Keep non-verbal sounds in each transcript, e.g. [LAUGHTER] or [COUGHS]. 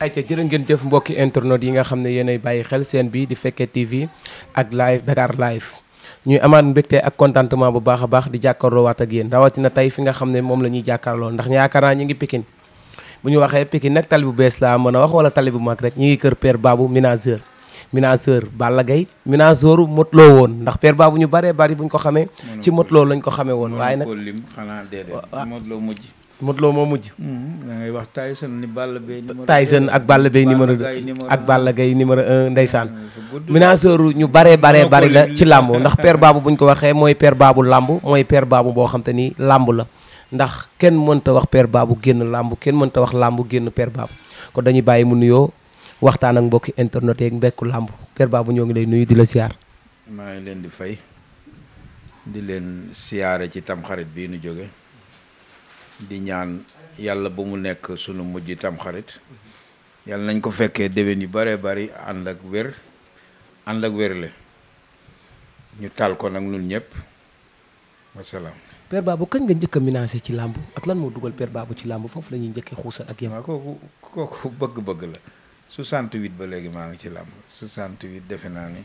ay ayca jërë ngeen jëf mbokki internet yi nga xam ne yéenay bàyyi xel seen bi di fekkee TV ak live Dakar live ñuy amaat mbégte ak contentement bu baax a baax di jàkkaarloo waat ak yéen rawatina tey fi nga xam ne moom la ñuy jàkkaarloo ndax yaakaar naa ñu ngi Pikine bu ñu waxee Pikine nag tali bu bees laa mën a wax wala tali bu mag rek ñu ngi kër Père Babou ménageur ménageur Balla Gaye ménageur Modou Lo woon ndax Père Babou ñu bare bari buñ ko xamee ci Modou Lo lañ ko xamee woon waaye nag lim xanaa déedéet Modou Lo Modou moo mujj. Hmm, wax Tyson ni Balla Gaye numéro Tyson ak Balla Gaye numéro 2 ak Balla gay numéro ndeysaan. minaceur hmm, ñu baree baree bari la ci làmb [LAUGHS] ndax per baabu buñ ko waxee mooy per baabu làmb mooy père baabu boo xam ni làmb la. ndax kenn mënta wax per baabu génn làmb kenn mënta wax làmb génn père baabu kon dañuy bàyyi mu nuyoo waxtaan ak mbokki internet yeeg mbekku làmb père baabu ñoo ngi lay nuyu di la siyaar. maa ngi leen di fay di leen siyaare ci tamxarit bii nu jóge di ñaan yàlla ba mu nekk sunu mujj tamxarit yàlla nañ ko fekkee deween yu bare bari ànd ak wér ànd ak wérle ñu taal ko nag ñun ñëpp wasalaam. Père baabu kañ nga njëkk a ci làmb ak lan moo dugal per baabu ci làmb foofu la ñuy njëkkee xuusal ak yow. waaw kooku kooku bëgg-bëgg la 68 ba léegi maa ngi ci làmb su 68 defe naa ni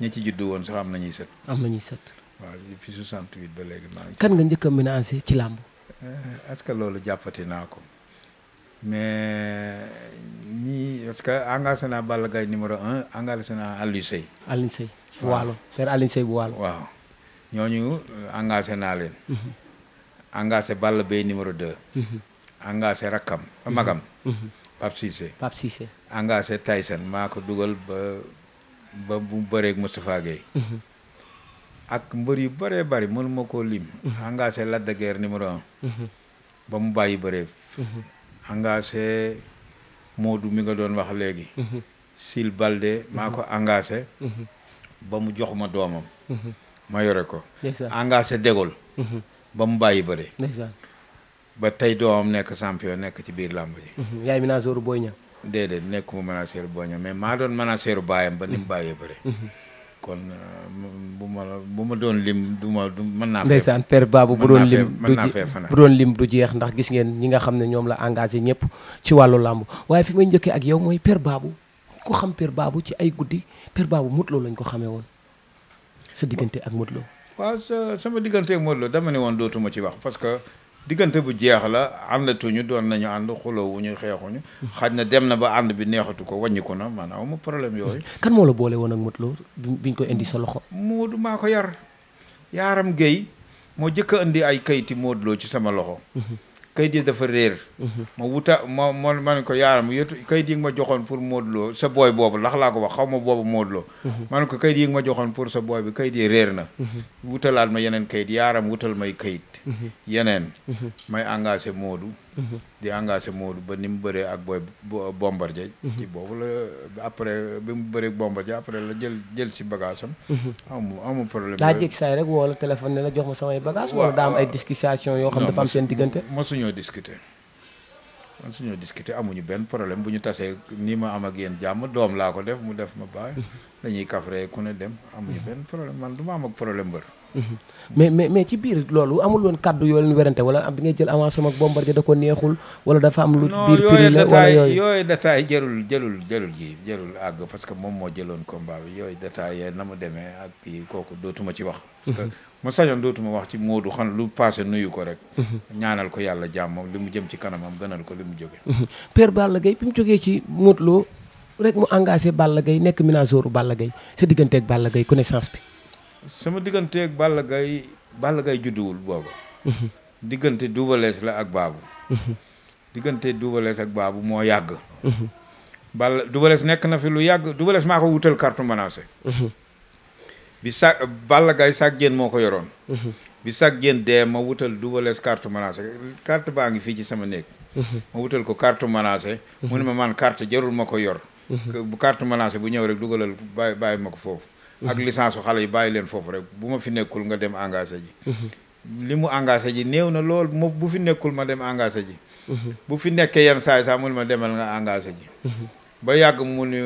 ñi ci juddu woon sax am na ñuy sët. am na ñuy sët. waaw depuis 68 ba léegi maa ngi. kan nga njëkk a ci làmb. Euh, est-ce que loolu jàppati naa ko mais ñii parce que engagé naa Balla Gaye numéro un engagé naa Aliou Seye. Aliou Seye bu Waalo père Aliou Seye bu Waalo. waaw ñooñu engagé naa leen. Mhm. engagé Balla Gaye numéro deux. Mhm. engagé Rakam mhm. Magam. Pape Cissé Pape Cissé. engagé Tyson maa ko dugal ba ba bu bëreeg Moustapha Gueye. ak mbër yu bëree bëri mënu ma koo lim. engagé mhm. Lac de Guiers mhm. ba mu bàyyi bëree. engagé mhm. Modou mi nga doon wax léegi. Sil Balde maa ko engagé. ba mu joxuma ma doomam. ma yore ko. engagé Dégol. ba mu bàyyi bëre. ba tey doomam nekk champion nekk ci biir làmb ji. yaay manager Boy Niang. déedéet nekkuma manager Boy Niang mais maa doon manager baayam ba ni mu bàyyee bëre. kon euh, bu ma bu ma doon lim du ma du mën naa. ndeysaan père Babou bu doon lim du bu doon lim du jeex ndax gis ngeen ñi nga xam ne ñoom la engagé ñëpp ci wàllu làmb waaye fi may njëkkee ak yow mooy père baabu ko xam père baabu ci ay guddi per Babou Modou lañ ko xamee woon sa diggante ak Modou Lo. sa sama diggante ak Modou dama ne woon dootuma ci wax parce que diggante bu jeex la àndatuñu doon nañu ànd xulawuñu xeexuñu. xaj na dem na ba ànd bi neexatu ko wàññiku na maanaam mu problème yooyu. Mm-hmm. kan moo la boole woon ak Modou Lo biñ ko indi sa loxo. Modou maa ko yar yaaram Guèye moo jëkk indi ay kayiti Modou Lo ci sama loxo. Mm-hmm. kayit yi dafa réer mhm. ma wuta ma ma ma ne ko yaaram yottu kayit yi nga ma joxoon pour Modou Lo sa booy boobu lax laa ko wax xaw ma boobu Modou Lo mhm. ma ko kayit yi ma joxoon pour sa booy bi kayit yi réer na mhm. wutalaat ma yeneen kayit yaaram wutal may kayit yeneen may engagé Modou di engagé Modou ba ni mu bëree ak booy Bombardier mhm. ci boobu la après bi mu bëree Bombardier après la jël jël si bagage am. Mhm. amu amu problème. daa jég saay la téléphone jox ma samay bagage wala daa am ay discussion yoo xam dafa am seen diggante. mosuñoo discuter. kon suñoo discuter amuñu benn problème bu ñu tasee nii ma am ak yéen jàmm doom laa ko def mu def ma bàyyi mhm. dañuy kafre ku ne dem amuñu benn problème man du ma am ak problème bër Mhm. mais mais mais ci biir loolu amul woon kàddu yoo leen werante wala bi ngay jël avancement ak Bombardier da ko neexul wala dafa am lu biir prix la wala yooyu yooyu détail jëlul jëlul jëlul ji jëlul àgg parce que moom moo jëloon combat bi yooyu détail na mu demee ak kii kooku dootuma ci wax parce que mhm. ma sañoon dootuma wax ci Modou xam lu passé nuyu ko rek mhm. ñaanal ko yàlla jàmm li mu jëm ci kanamam gënal ko li mu jóge Père Balla Gaye bi mu jógee ci Modou Lo rek mu Balla Gaye nekk ménageur Balla Gaye sa digganteeg Balla Gaye connaissance bi sama digganteeg Balla Gaye Balla Gaye judduwul booba diggante Double la ak Babou diggante Double ak Babou moo yàgg Balla Double Less nekk na fi lu yàgg Double Less maa ko wutal carte menacée bi sa Balla Gaye sàg jéen moo ko yoroon bi sàg jéen dee ma wutal Double Less carte menacée carte baa ngi fii ci sama néeg ma wutal ko carte menacée mu ne ma man carte jarul ma ko yor bu uhuh. carte menacée bu ñëw rek dugalal bàyyi ma ko foofu ak licence su xale yi bàyyi leen foofu rek bu ma fi nekkul nga dem engagé ji mhm. li mu engagé ji néew na lool mo bu fi nekkul ma dem engagé ji mhm. bu fi nekkee yenn saay sax mun ma demal nga engagé ji mhm. ba yàgg mu ni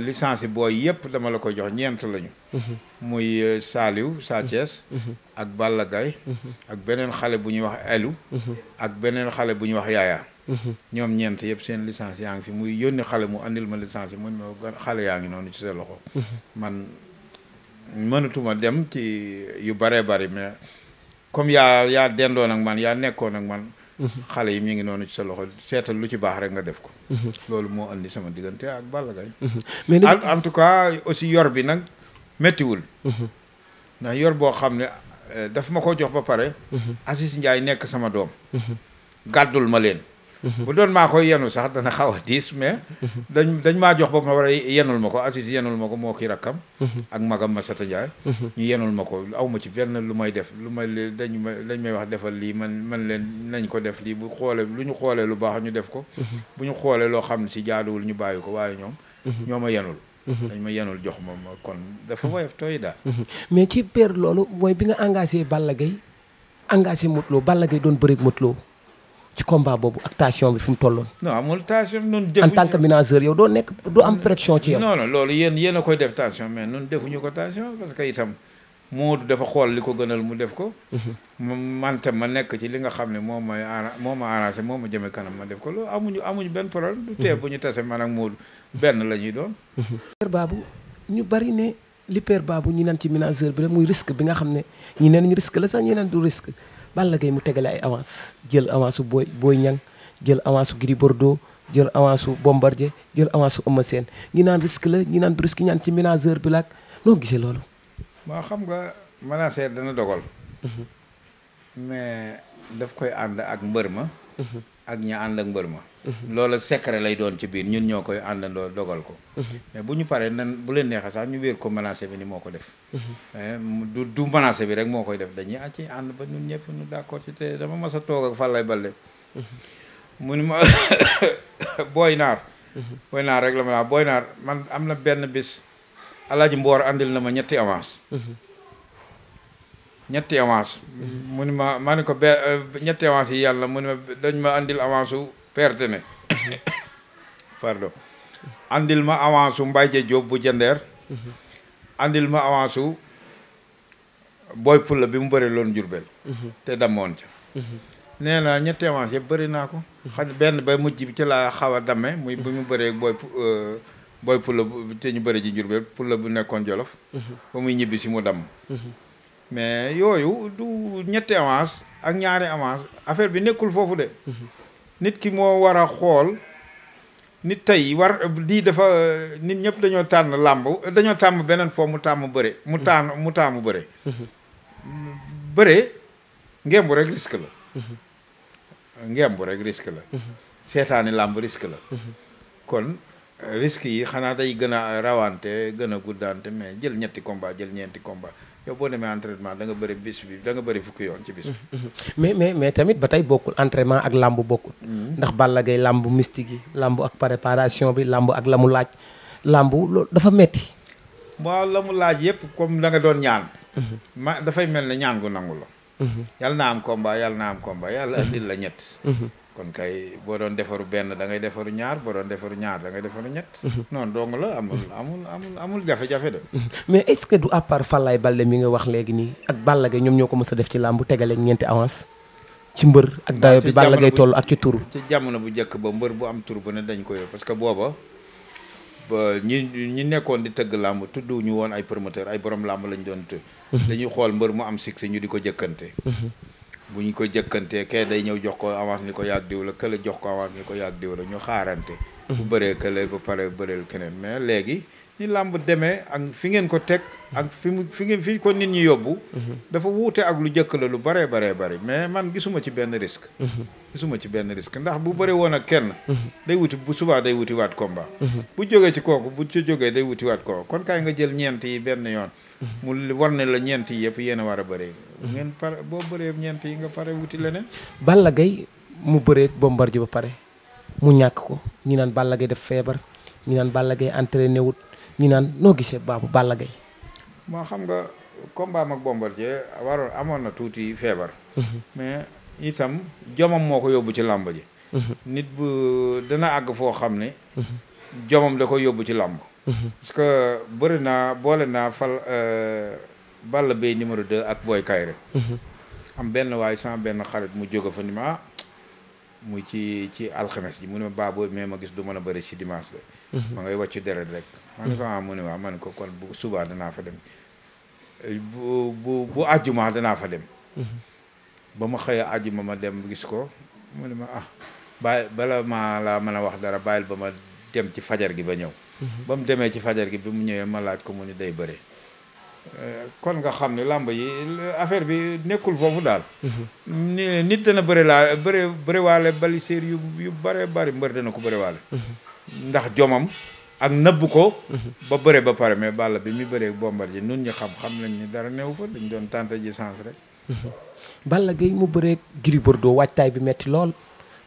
licence yi booy yëpp dama la ko jox ñeent lañu muy euh, Saliou Sa Thiès ak Balla Gaye ak beneen xale bu ñuy wax Elou ak beneen xale bu ñuy wax Yaya ñoom ñeent yëpp seen licence yaa ngi fi muy yónni xale mu andil ma licence yi mun ma xale yaa ngi noonu ci see loxo man mënatuma dem ci yu bare bari mais comme yaa yaa dendoon ak man yaa nekkoon ak man. xale yi mu ngi noonu ci sa loxo seetal lu ci baax rek nga def ko. loolu moo andi sama diggante ak Balla Gaye. mais en tout cas aussi yor bi nag méttiwul. ndax yor boo xam ne eh, daf ma ko jox ba pare. Mhm. Aziz Ndiaye nekk sama doom. Mhm. gàddul ma leen. Mhm. bu doon maa koy yenu sax dana xaw a diis mais mhm. dañ maa jox bopp ma war a yenul ma ko assis yenul ma ko moo kii rakkam mhm. ak magam Masata Ndiaye ñu yenul ma ko aw ma ci benn lu may def lu may dañ ma dañ may wax defal lii man man leen nañ ko def lii bu xoolee lu ñu xoolee lu baax ñu def ko bu ñu xoolee loo xam ne si jaaduwul ñu bàyyi ko waaye ñoom ñoo ma yenul dañ ma yenul jox ma ma kon dafa woyof tooy daal mais ci père loolu mooy bi nga engagé Balla Gaye engagé Modou Lo doon bëreeg Modou Lo ci combat boobu ak tension bi fi mu tolloon. non amul tension ñun defuñu en tant que koy def tension mais ñun defuñu ko tension parce que itam Modou dafa xool li ko gënal mu def ko. Mhm. man tam ma nekk ci li nga xam ne moom mooy moo ma arrangé moo ma jëme kanam ma def ko loolu amuñu amuñu benn problème. du tee mhm. bu ñu tase man ak Modou benn la ñuy doon. Mhm. Père Babou ñu bari ne li Père Babou ñi naan ci ménageur bi rek muy risque bi nga xam ne ñi neen risque la sax ñi neen du risque. la Gaye mu tegale ay avance jël avance su Boy Boy Niang jël avance su Gris Bordeaux jël avance su Bombardier jël avance su Eumeu ñi naan risque la ñu naan risque ñaan ci ménageur bi laak noo gisee loolu. waaw xam nga ménageur dana dogal. Mhm. mais daf koy ànd ak mbër ma. ak ña ànd ak mbër ma mhm. loola secret lay doon ci biir ñun ñoo koy àndandoo dogal ko mhm. mais bu ñu paree nan bu leen neexee sax ñu wéer ko menacé bi ni moo ko def mhm. eh, du du menacé bi rek moo koy def dañuy ci ànd ba ñun ñëpp ñu d'accord ci te dama mas a toog ak Fallay Baldé mu ni ma [COUGHS] booy naar booy naar rek la ma naa booy naar man am na benn bis alaaji mboor andil na ma ñetti avance ñetti avance mu ni ma maa ni ko be eh, ñetti avance yi yàlla mu ni ma dañ ma andil avance su perte ne [COUGHS] pardon andil ma avance su Mbaye jóob bu jandeer andil ma avance su Boy Pula bi mu bëri loon Jurbel te damoon ca nee naa ñetti avance yëpp bëri naa ko xam benn ba mujj bi ci laa xaw a damme muy bu mu bëree Boy eh, Boy Pula te ñu bëri ji Jurbel Pula bu nekkoon Jolof mhm. ba muy ñibbi si mu damm mhm. mais yooyu du ñetti avance ak ñaari avance affaire bi nekkul foofu de mhm. nit ki moo war a xool nit tey war lii dafa nit ñëpp dañoo tànn làmb dañoo tàmm beneen foo mu tàmm bëre mu mhm. tànn mu tàmm bëre mhm. bëre ngemb rek risque la ngemb rek risque la seetaani làmb risque la kon risque yi xanaa day gën a rawante gën a guddante mais jël ñetti combat jël ñeenti combat yow boo demee entraînement da nga bëri bis bi da nga bëri fukki yoon ci bis mm-hmm. mais mais mais tamit ba tey bokkul entraînement ak làmb bokkul mm-hmm. ndax Balla Gaye làmb mystique yi làmb ak préparation bi lamb ak la mu laaj làmb dafa metti waaw la mu laaj yëpp comme danga doon ñaan mm-hmm. ma dafay mel ne ñaan gu nangu la yàlla na am combat yàlla na am combat yàlla indil la ñett kon kay boo doon defaru benn da ngay defaru ñaar boo doon defaru ñaar da ngay defaru ñett. Mhm. noonu dong la amul amul amul amul jafe-jafe de. Mhm. mais est-ce que du à part Fallaye Balde mi nga wax léegi nii ak Balla ñoom ñoo ko mës a def ci làmb tegale ñeenti avance. ci mbër ak dayo bi Balla Gaye toll ak ci tur. ci jamono bu njëkk ba mbër bu am tur bu ne dañ ko parce que booba ba ñi ñi nekkoon di tëgg làmb tudd ñu woon ay promoteur ay borom làmb lañu doon të. Mhm. dañuy xool mbër mu am succès ñu di ko jëkkante. bu ñu ko jëkkantee kee day ñëw jox ko avance ni ko yàgg diw la kële jox ko avance ni ko yàgg diw la ñu xaarante. Mm-hmm. bu bëree kële ba pare bëreel keneen mais léegi. ni làmb demee ak fi ngeen ko teg ak fi mu fi ngeen fi ko nit ñi yóbbu dafa wuute ak lu jëkk la lu baree baree bari mais man gisuma ci benn risque gisuma ci benn risque ndax bu bëri woon ak kenn day wuti bu subaa day wuti waat ba bu jógee ci kooku bu ci jógee day wuti waat kooku kon kaay nga jël ñeenti yi benn yoon mu war ne la ñeenti yi yëpp yéen war a bëree ngeen pare boo bëree ñeent yi nga pare wuti leneen Balla Gaye mu bëree Bombardier ba pare mu ñàkk ko ñi naan Balla Gaye def feebar ñi naan Balla Gaye entraîné wut ñu naan noo gisee baabu Balla Gaye moo xam nga combat mag Bombardier waroon amoon na tuuti feebar mhm. mais itam jomam moo ko yóbbu ci làmb ji mhm. nit bu dana àgg foo xam ne mhm. jomam da ko yóbbu ci làmb parce que bëri naa boole naa fal euh, Balla Gaye numéro 2 ak Boy Kayre am benn waaye sama benn xarit mu jóge fa ni ma ah, mu ci ci alxames ji mu ne ma baa boobu mais ma gis du mën a bëri si dimanche la mhm. ma ngay wàccu deret rek ma ne ko mhm. ah, mu ne ma ne ko kon bu subaa danaa fa dem danaa fa dem mhm. ba ma xëy a àjjuma ma dem gis ko mu ne ma ah bàyyi bala maa laa mën a wax dara bàyyil ba ma dem ci fajar gi ba ñëw ba mu demee ci fajar gi bi mu ñëwee ma laaj ko mu ne day bëre kon nga xam ne làmb yi affaire bi nekkul foofu daal. Mhm. nit dana bëri laa bëri bëriwaale baliseer yu yu bari bëri mbër dana ko bëriwaale. Mhm. ndax jomam ak nëbb ko. Mhm. ba bëre ba pare mais Balla bi mi bëree Bombardier nun ñu xam xam nañ ni dara new fa dañ doon tenter ji sens rek. Balla Gaye mu bëree Gris Bordeaux waajtaay bi metti lool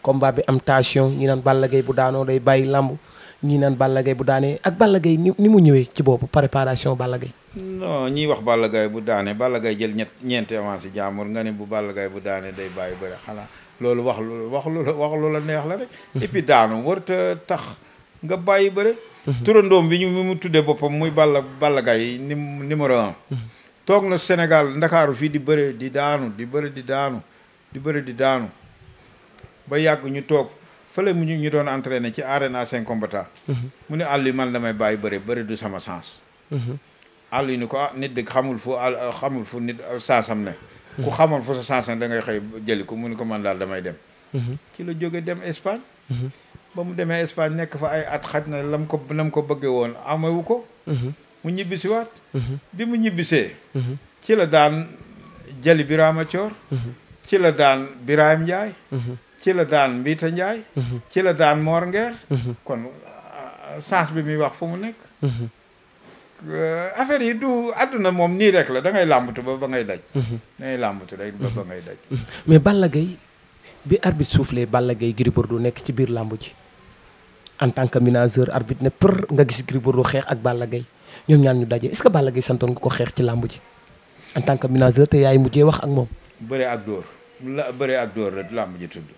combat bi am tension ñu naan Balla Gaye bu daanoo day bàyyi làmb. ñii naan Balla Gaye bu daanee ak Balla ni mu ñëwee ci boobu préparation Balla Gaye non wax Balla bu daanee Balla Gaye jël ñett ñeenti avance yi jaamur nga ne bu bàllagay bu daanee day bàyyi bëri xalaa loolu wax lu la lu wax lu la neex la rek mm-hmm. et puis daanu warta tax nga bàyyi bëri mm-hmm. turandoom bi ñu mu tuddee boppam muy Balla Balla Gaye ni numéro un mm-hmm. toog na Sénégal ndakaaru fii di bëre di daanu di bëre di daanu di bëre di daanu ba yàgg ñu toog fële mu ñu doon entraîné ci arena cinq combattants mhm. mu ne àll yi man damay bàyyi bëri bëri du sama sens àll mhm. yi ni ko ah nit dëgg xamul fu euh, xamul fu nit euh, sansam ne ku mhm. xamoon fu sa sens ne da ngay xëy jëli ko mu ne ko man daal damay dem ci la jóge dem Espagne ba mu demee Espagne nekk fa ay at xaj na la ko lam ko bëggee woon amewu ko mu ñibbisi waat bi mu ñibbisee ci la daan jëli Birama Coor ci la daan Birahim Ndiaye ci la daan Mbiita Njaay mhm. ci la daan Moor Ngeer mhm. kon euh, sens bi muy wax fu mu nekk mhm. euh, affaire yi du àdduna moom nii rek la da ngay làmbatu ba ba ngay daj da ngay làmbatu rek ba ba ngay daj mais Balla Gaye bi arbitre soufflé Balla Gaye Gris Bordeaux du nekk ci biir làmb ji en tant que ménageur arbitre ne për nga gis Gris Bordeaux xeex ak Balla Gaye ñoom ñaan ñu daje est-ce que Balla Gaye santoon nga ko xeex ci làmb ji en tant que ménageur te yaay mujjee wax ak moom bëre ak dóor la bëre ak dóor la làmb ji tudd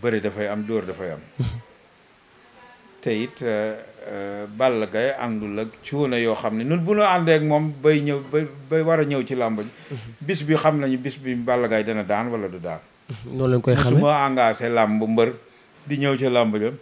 bëri dafay am dóor dafay am te it euh, euh, Balla Gaye àndul ak cuuna yoo xam ne nun bu ñu àndee moom bay ñëw bay bay war a ñëw ci làmb bis bi xam nañu bis bi Balla gay dana daan walla du daan noonu lañ koy xamee su làmb mbër di ñëw ci làmb jëm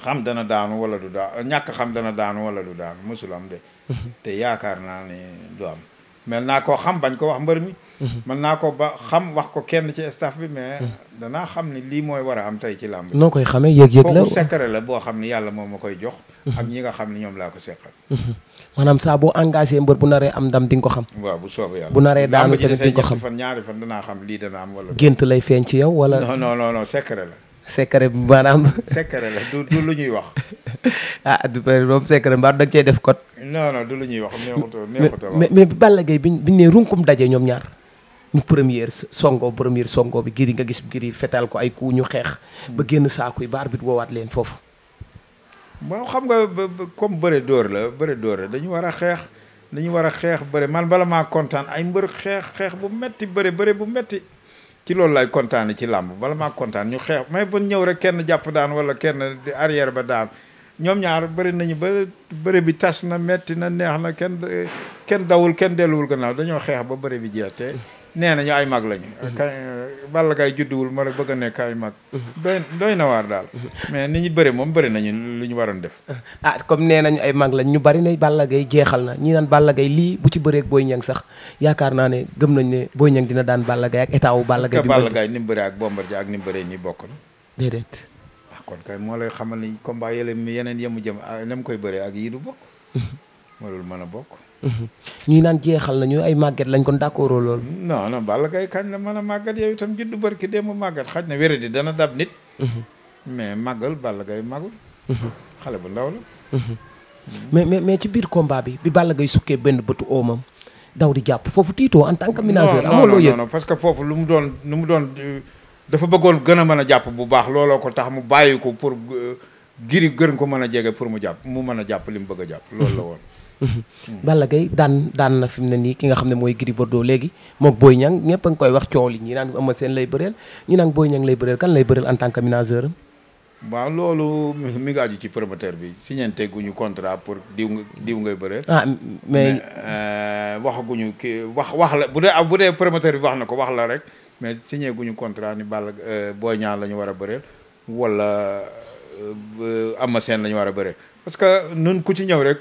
xam dana daanu wala du daan ñàkk xam dana daanu wala du daan mosul am de [LAUGHS] te yaakaar naa ne du am mel naa koo xam bañ ko wax mbër mi man mm-hmm. naa ko ba xam wax ko kenn ci staff bi mais. Mm-hmm. danaa xam ni lii mooy war a am tey ci làmb. noo koy xamee yëg-yëg la secret la boo xam ni yàlla moom ma koy jox. Mm-hmm. ak ñi nga xam ni ñoom laa ko seqal. maanaam saa boo engagé mbër bu naree am ndam di ko xam. waaw bu soobee yàlla bu naree daanu tamit di nga xam fan ñaari fan danaa xam lii dana am wala. gént lay feeñ ci yow wala. non non non non secret la. secret bi maanaam. [LAUGHS] secret la du du lu ñuy wax. [LAUGHS] ah du bëri moom secret mbaa def code. non du lu ñuy wax neexutoo neexutoo mais mais Balla Gaye biñ biñ runkum daje ñoom ñaar ñu première songo première songo bi giri nga gis giri fetal ko ay ku ñu xeex ba génn saaku yi ba arbitre woowaat leen foofu waaw xam nga comme bëre door la bëre door la dañu war a xeex dañu war a xeex bëre man bala maa kontaan ay mbër xeex xeex bu metti bëre bëre bu metti ci loolu lay kontaane ci làmb bala maa kontaan ñu xeex mais bu ñëw rek kenn jàpp daan wala kenn arrière ba daan ñoom ñaar bëri nañu ba bëri bi tas na metti na neex na kenn kenn dawul kenn delluwul gannaaw dañoo xeex ba bëri bi jeex te nee nañu ay mag lañu. Mhm. kañ euh, Balla Gaye judduwul ma bëgg a nekk ay mag. Mhm. doy na waar daal. Mhm. mais ni ñu bëri moom bëri nañu lu ñu waroon def. ah, ah comme nee nañu ay mag lañ ñu bari ne Balla Gaye jeexal na ñi naan Balla Gaye lii bu ci bëreeg Boy Niang sax yaakaar naa ne gëm nañ ne Boy Niang dina daan Balla Gaye ak état wu Balla Gaye. bi ni mu bëree ak Bombardier ak ni mu bëree nii bokk na. déedéet. ah kon kay moo lay xamal ni combat yële yeneen yemu jëm ah na mu koy bëree ak yii bokk. moo loolu mën a bokk. Mhm. ñuy naan jeexal na ñu ay màgget lañ kon d'accord loolu. non non Balla Gaye kañ la mën a màggat yow itam juddu barki démb màggat xaj na wéradi dana dab nit. Mhm. mais màggal Balla Gaye màggul. Mhm. xale bu ndaw la. mais mais mais ci biir combat bi bi Balla Gaye sukkee benn bëtu oomam daw di jàpp foofu tiitoo en tant que ménageur. amoo loo yëg parce que foofu lu mu doon lu mu doon euh, dafa bëggoon gën a mën a jàpp bu baax looloo ko tax mu bàyyi ko pour euh, giri gën ko mën a jege pour mu jàpp mu mën a jàpp li mu bëgg a jàpp loolu la woon. [LAUGHS] Balla Gaye daan daan na fi mu ne nii ki nga xam ne mooy Gris Bordeaux léegi moog Boy Niang ñëpp a koy wax coow li ñi naan Eumeu Sène lay bëreel ñi naan Boy Niang lay bëreel kan lay bëreel en tant que manager am waaw loolu mi ngi aju ci promoteur bi signante guñu contrat pour diw diw ngay bëreel. ah mais euh, waxaguñu ki wax wax la bu dee bu dee promoteur bi wax na ko wax la rek mais signé guñu contrat ni Balla euh, Boy Niang la ñu war a bëreel wala euh, Eumeu Sène la war a bëreel parce que nun ku ci ñëw rek.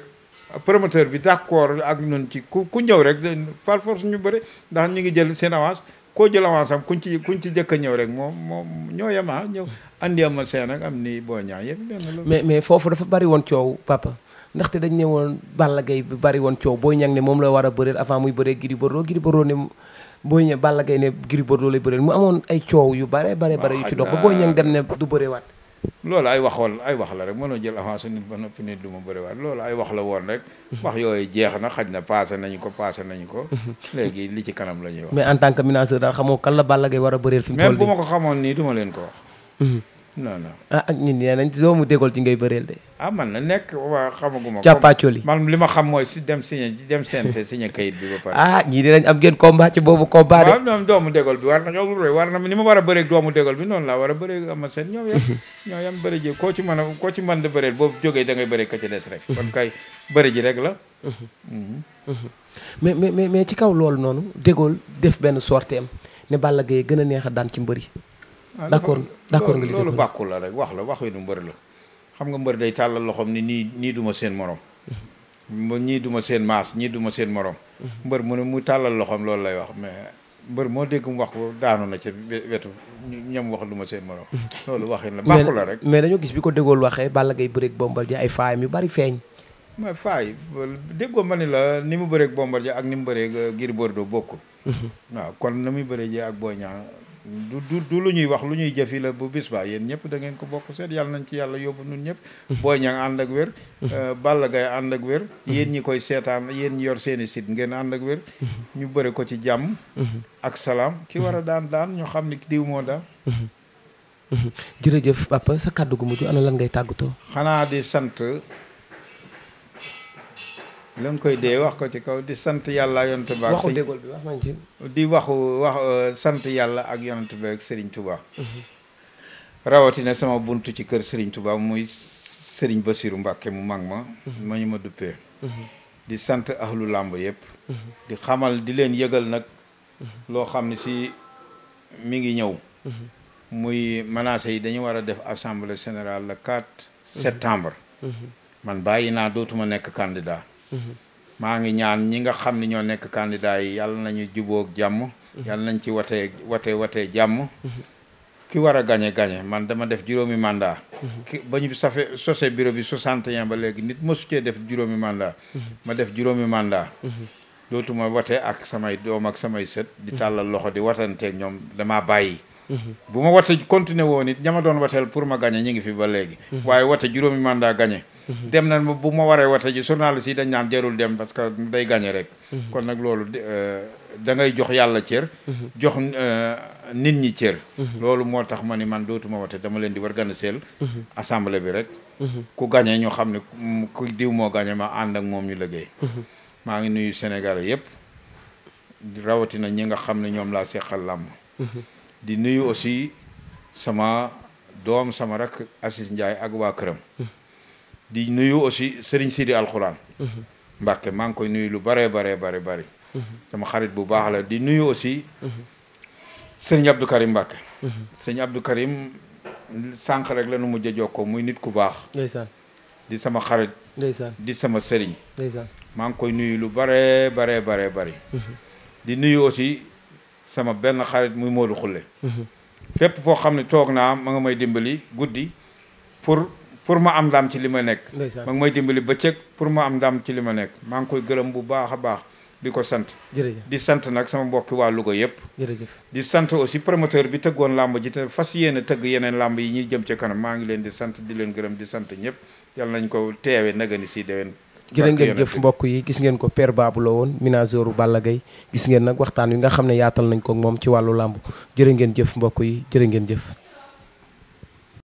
promoteur bi d'accord ak ñun ci ku ku ñëw rek par force ñu bëri ndax ñu ngi jël seen avance koo jël avance am kuñ ci kuñ ci jëkk a ñëw rek moom moom ñoo yem ah ñëw andi a seen ak am ni boo ñaa yëpp mais mais foofu dafa bari woon coow papa ndaxte dañ ne woon Balla Gaye bi bari woon coow Boy Niang ne moom la war a bëreel avant muy bëree Gris Bordeaux Gris Bordeaux ne Boy Niang Balla Gaye ne Gris Bordeaux mu amoon ay coow yu bare bare bare yu ci dox ba Boy Niang dem ne du bëreewaat loolu ay waxoon ay wax la rek mënoo jël avance nit ba noppi nit du ma bëriwaat loolu ay wax la woon rek. Mhm. wax yooyu jeex na xaj na passé nañu ko passé nañu ko. Mhm. léegi li ci kanam la ñuy wax. mais en tant que menaceur daal xamoo kan la Balla Gaye war a bëreel. fi mu toll nii bu ma ko xamoon nii du ma leen ko wax. Mhm. non non ah ak ñun nee nañ doomu déggoo ci ngay bëreel de. ah man na nekk waa xamaguma. càppaacoli man li ma xam mooy si dem signé dem CNG signé kayit bi ba pare. ah ñii dinañ am ngeen combat ci boobu combat de. waaw ñoom doomu déggoo bi war na war ma war a bëreeg doomu déggoo bi noonu laa war a bëreeg ama seen ñoom yam [LAUGHS] ñoom yam bëri ji koo ci man a ci mën da bëreel boo jógee da ngay bëree ka ci des rek. kon kay bëri ji rek la. Mm-hmm. Mm-hmm. mais mais mais ci kaw loolu noonu déggoo def benn sorteem ne Balla Gaye gën a neex a daan ci mbëri Ah, d' accord d' accord loolu bàkku la rek wax la wax wi mbër la xam nga mbër day tàllal loxoom ni nii nii duma seen morom ñii duma seen maas ñii duma seen morom mbër mu ne mu tàllal loxoom loolu lay wax mais mbër moo dégg mu wax ko daanu na ca wetu ñam wax duma seen morom loolu waxin la bàkku la rek mais dañoo gis bi ko déggool waxee bàll Balla Gaye bëreeg Bombardier ay faayam yu bari feeñ ma faay déggoo ma ni la ni mu bëreeg Bombardier ak ni mu bëreeg Gris Bordeaux bokkul mhm. waaw kon na muy bëree du du lu ñuy wax lu ñuy jëfi la bu bis baa yéen ñëpp da ngeen ko bokk seet yàlla nañ ci yàlla yóbbu nun ñëpp [LAUGHS] Boy Niang ànd ak wér [LAUGHS] euh, Balla Gaye ànd ak wér yéen ñi koy seetaan yéen ñi yor seeni sit ngeen ànd ak wér [LAUGHS] ñu bëri ko ci jàmm ak salaam ki war a daan daan ñu xam ni diw moo daan jërëjëf papa sa kàddu gu mujj ana lan ngay tàggatoo xanaa di sant la koy dee wax ko ci kaw di sant yàlla yonent ba si di waxu wax euh, sant yàlla ak yonent ba ak Serigne mhm. rawatina sama bunt ci kër sëriñ Touba muy Serigne Bassirou Mbacké mu mag ma. Mhm. ma ñu ma duppee. Mhm. di sant ahlu làmb yëpp. di xamal di leen yëgal nag. loo xam ne si mi ngi ñëw. muy menacé yi dañu war a def assemblée générale le 4 septembre. man bàyyi naa dootuma nekk candidat. maa ngi ñaan ñi nga xam ne ñoo nekk candidat yi yàlla nañu jubóog jàmm. yàlla nañ ci watee watee watee jàmm. ki war a gañe gañe man dama def juróomi mandat. ki ba ñu safe sose bureau bi en ba léegi nit mosu cee def juróomi mandat. ma def juróomi mandat. dootuma wate ak samay doom ak samay sët. di tàllal loxo di watanteeg ñoom damaa bàyyi. bu ma watee continuer woon it ña ma doon wateel pour ma gañe ñu ngi fi ba léegi. waaye wate juróomi mandat gañe. Mhm. dem nañ ma bu ma waree wote ji journaliste yi dañ naan jarul dem parce que day gagné rek. Mhm. kon nag loolu euh, da ngay jox yàlla cër. Mhm. jox euh, nit ñi cër. loolu moo tax ma ni man dootuma wote dama leen di war gën a seel assemblée bi rek. ku gagné ñoo xam ne ku diw moo gagné ma ànd ak moom ñu liggéey. maa ngi nuyu Sénégalais yëpp rawatina ñi nga xam ne ñoom laa seqal làmb. di nuyu aussi sama doom sama rek Assis Ndiaye ak waa këram. di nuyu aussi Serigne Sidi Alxuraan. Mhm. Mbàkke maa ngi koy nuyu lu bare bare bare bari. Mhm. sama xarit bu baax la di nuyu aussi. Mhm. Serigne Abdou Karim Mbàkke. Serigne sànq rek la nu mujj a jokkoo muy nit ku baax. ndeysaan di sama xarit. ndeysaan di sama sëriñ ndeysaan maa ngi koy nuyu lu bare bare bare bari. di nuyu aussi sama benn xarit muy Modou Xulle. fépp foo xam ne toog naa ma nga may dimbali guddi pour. pour ma am ndam ci li ma nekk ma ngi may dimbali bëccëg pour ma am ndam ci li ma nekk maa ngi koy gërëm bu baax baax di ko sant di sant nag sama mbokki wàllu Louga yëpp jërëjëf di sant aussi promoteur bi tëggoon làmb ji te fas yéene tëgg yeneen làmb yi ñu jëm ci kanam maa ngi leen di sant di leen gërëm di sant ñëpp yàlla nañ ko teewe nagani si déwén jërë ngeen jëf mbokk yi gis ngeen ko père Babou la woon ménageru Balla Gaye gis ngeen nag waxtaan wi nga xam ne yaatal nañ ko moom ci wàllu làmb jërë ngeen jëf mbokk yi jërë ngeen jëf